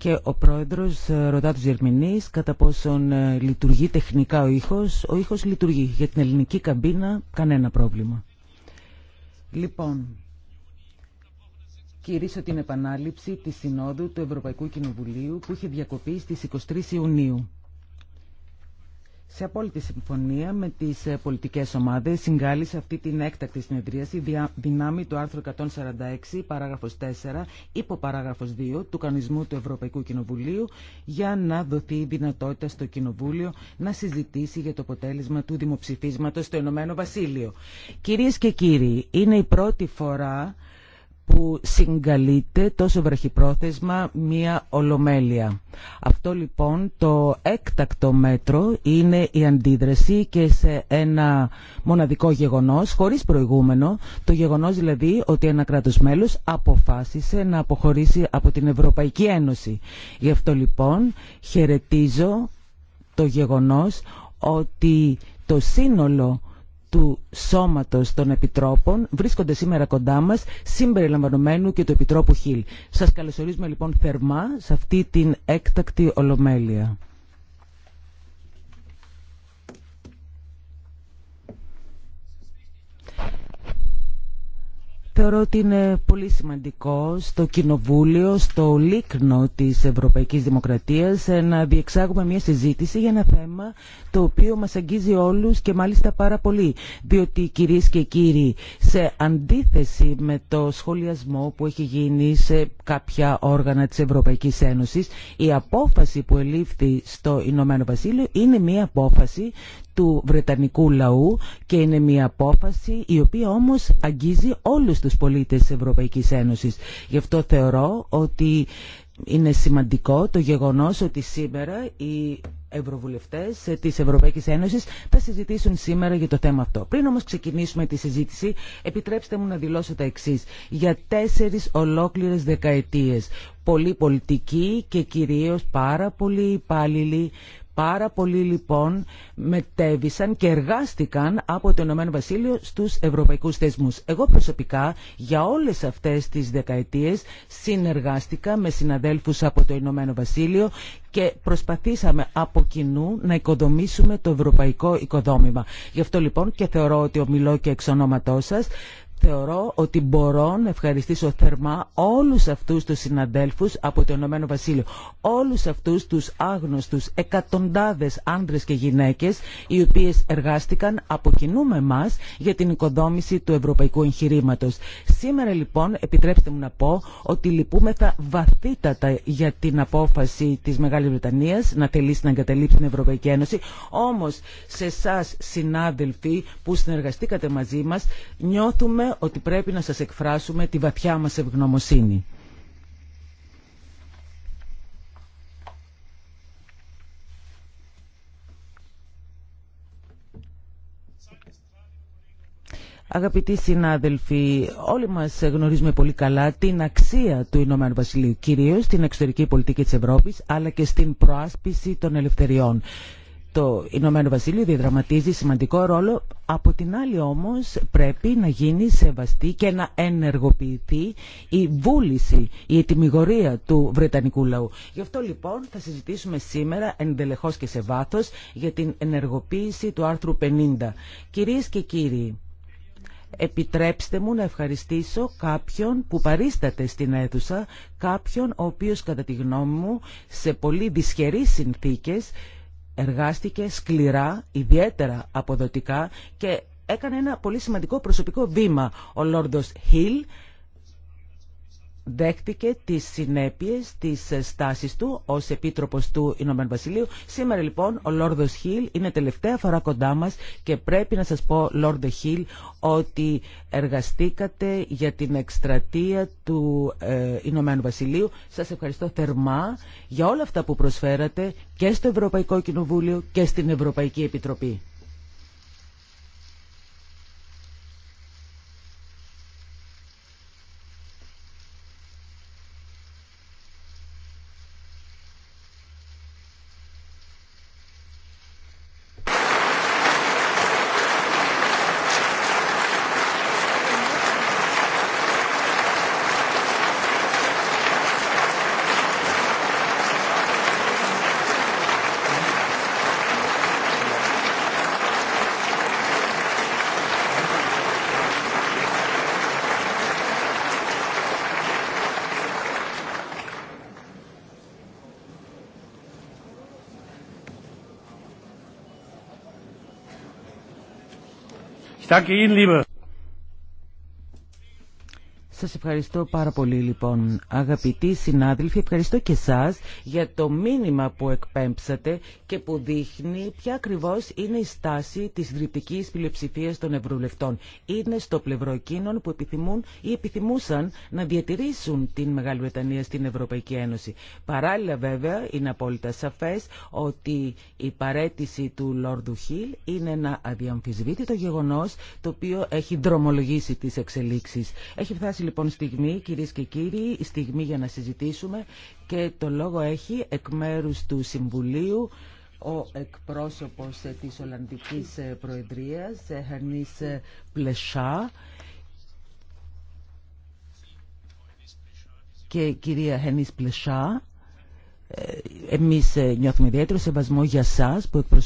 και ο πρόεδρος ε, ρωτά τους διερμηνείς κατά πόσον ε, λειτουργεί τεχνικά ο ήχος. Ο ήχος λειτουργεί. Για την ελληνική καμπίνα κανένα πρόβλημα. Λοιπόν, κηρύσω την επανάληψη της Συνόδου του Ευρωπαϊκού Κοινοβουλίου που είχε διακοπεί στις 23 Ιουνίου σε απόλυτη συμφωνία με τις ε, πολιτικέ ομάδες συγκάλεσε αυτή την έκτακτη συνεδρίαση δυνάμει του άρθρου 146 παράγραφος 4 υπό παράγραφο 2 του κανονισμού του Ευρωπαϊκού Κοινοβουλίου για να δοθεί η δυνατότητα στο Κοινοβούλιο να συζητήσει για το αποτέλεσμα του δημοψηφίσματος στο Ηνωμένο Βασίλειο. Κυρίες και κύριοι, είναι η πρώτη φορά που συγκαλείται τόσο βραχυπρόθεσμα μία ολομέλεια. Αυτό λοιπόν το έκτακτο μέτρο είναι η αντίδραση και σε ένα μοναδικό γεγονός, χωρίς προηγούμενο, το γεγονός δηλαδή ότι ένα κράτος μέλος αποφάσισε να αποχωρήσει από την Ευρωπαϊκή Ένωση. Γι' αυτό λοιπόν χαιρετίζω το γεγονός ότι το σύνολο του σώματος των επιτρόπων βρίσκονται σήμερα κοντά μας συμπεριλαμβανομένου και του Επιτρόπου Χίλ. Σας καλωσορίζουμε λοιπόν θερμά σε αυτή την έκτακτη ολομέλεια. θεωρώ ότι είναι πολύ σημαντικό στο Κοινοβούλιο, στο λίκνο της Ευρωπαϊκής Δημοκρατίας ε, να διεξάγουμε μια συζήτηση για ένα θέμα το οποίο μας αγγίζει όλους και μάλιστα πάρα πολύ. Διότι κυρίες και κύριοι, σε αντίθεση με το σχολιασμό που έχει γίνει σε κάποια όργανα της Ευρωπαϊκής Ένωσης, η απόφαση που ελήφθη στο Ηνωμένο Βασίλειο είναι μια απόφαση του Βρετανικού λαού και είναι μια απόφαση η οποία όμως αγγίζει όλους τους πολίτες της Ευρωπαϊκής Ένωσης. Γι' αυτό θεωρώ ότι είναι σημαντικό το γεγονός ότι σήμερα οι ευρωβουλευτές της Ευρωπαϊκής Ένωσης θα συζητήσουν σήμερα για το θέμα αυτό. Πριν όμως ξεκινήσουμε τη συζήτηση, επιτρέψτε μου να δηλώσω τα εξής. Για τέσσερις ολόκληρες δεκαετίες, πολλοί πολιτικοί και κυρίως πάρα πολλοί υπάλληλοι Πάρα πολλοί λοιπόν μετέβησαν και εργάστηκαν από το Ηνωμένο Βασίλειο στους ευρωπαϊκούς θεσμούς. Εγώ προσωπικά για όλες αυτές τις δεκαετίες συνεργάστηκα με συναδέλφους από το Ηνωμένο Βασίλειο και προσπαθήσαμε από κοινού να οικοδομήσουμε το ευρωπαϊκό οικοδόμημα. Γι' αυτό λοιπόν και θεωρώ ότι ομιλώ και εξ ονόματός θεωρώ ότι μπορώ να ευχαριστήσω θερμά όλους αυτούς τους συναντέλφους από το Ηνωμένο Βασίλειο. Όλους αυτούς τους άγνωστους εκατοντάδες άντρες και γυναίκες οι οποίες εργάστηκαν από κοινού με εμάς για την οικοδόμηση του ευρωπαϊκού εγχειρήματο. Σήμερα λοιπόν επιτρέψτε μου να πω ότι λυπούμεθα βαθύτατα για την απόφαση της Μεγάλης Βρετανίας να θελήσει να εγκαταλείψει την Ευρωπαϊκή Ένωση. Όμως σε εσά συνάδελφοι που συνεργαστήκατε μαζί μας νιώθουμε ότι πρέπει να σας εκφράσουμε τη βαθιά μας ευγνωμοσύνη. Αγαπητοί συνάδελφοι, όλοι μας γνωρίζουμε πολύ καλά την αξία του Ηνωμένου Βασιλείου, κυρίως στην εξωτερική πολιτική της Ευρώπης, αλλά και στην προάσπιση των ελευθεριών το Ηνωμένο Βασίλειο διαδραματίζει σημαντικό ρόλο. Από την άλλη όμως πρέπει να γίνει σεβαστή και να ενεργοποιηθεί η βούληση, η ετοιμιγορία του Βρετανικού λαού. Γι' αυτό λοιπόν θα συζητήσουμε σήμερα εντελεχώς και σε βάθος για την ενεργοποίηση του άρθρου 50. Κυρίες και κύριοι, επιτρέψτε μου να ευχαριστήσω κάποιον που παρίσταται στην αίθουσα, κάποιον ο οποίος κατά τη γνώμη μου σε πολύ δυσχερείς συνθήκες εργάστηκε σκληρά, ιδιαίτερα αποδοτικά και έκανε ένα πολύ σημαντικό προσωπικό βήμα. Ο Λόρδος Χιλ δέχτηκε τις συνέπειες της στάσης του ως Επίτροπος του Ηνωμένου Βασιλείου. Σήμερα λοιπόν ο Λόρδος Χίλ είναι τελευταία φορά κοντά μας και πρέπει να σας πω Λόρδε Χίλ ότι εργαστήκατε για την εκστρατεία του ε, Ηνωμένου Βασιλείου. Σας ευχαριστώ θερμά για όλα αυτά που προσφέρατε και στο Ευρωπαϊκό Κοινοβούλιο και στην Ευρωπαϊκή Επιτροπή. danke Ihnen, liebe σας ευχαριστώ πάρα πολύ λοιπόν αγαπητοί συνάδελφοι. Ευχαριστώ και σας για το μήνυμα που εκπέμψατε και που δείχνει ποια ακριβώς είναι η στάση της δρυπτικής πλειοψηφίας των ευρωβουλευτών. Είναι στο πλευρό εκείνων που επιθυμούν ή επιθυμούσαν να διατηρήσουν την Μεγάλη Βρετανία στην Ευρωπαϊκή Ένωση. Παράλληλα βέβαια είναι απόλυτα σαφές ότι η παρέτηση του Λόρδου Χιλ είναι ένα αδιαμφισβήτητο γεγονός το οποίο έχει δρομολογήσει τις εξελίξεις. Έχει φτάσει λοιπόν στιγμή, κυρίε και κύριοι, στιγμή για να συζητήσουμε και το λόγο έχει εκ μέρου του Συμβουλίου ο εκπρόσωπος ε, της Ολλανδικής ε, Προεδρίας, Χανή ε, Πλεσά. Και κυρία Χανή Πλεσά, εμείς νιώθουμε ιδιαίτερο σεβασμό για σας που εκπροσωπείτε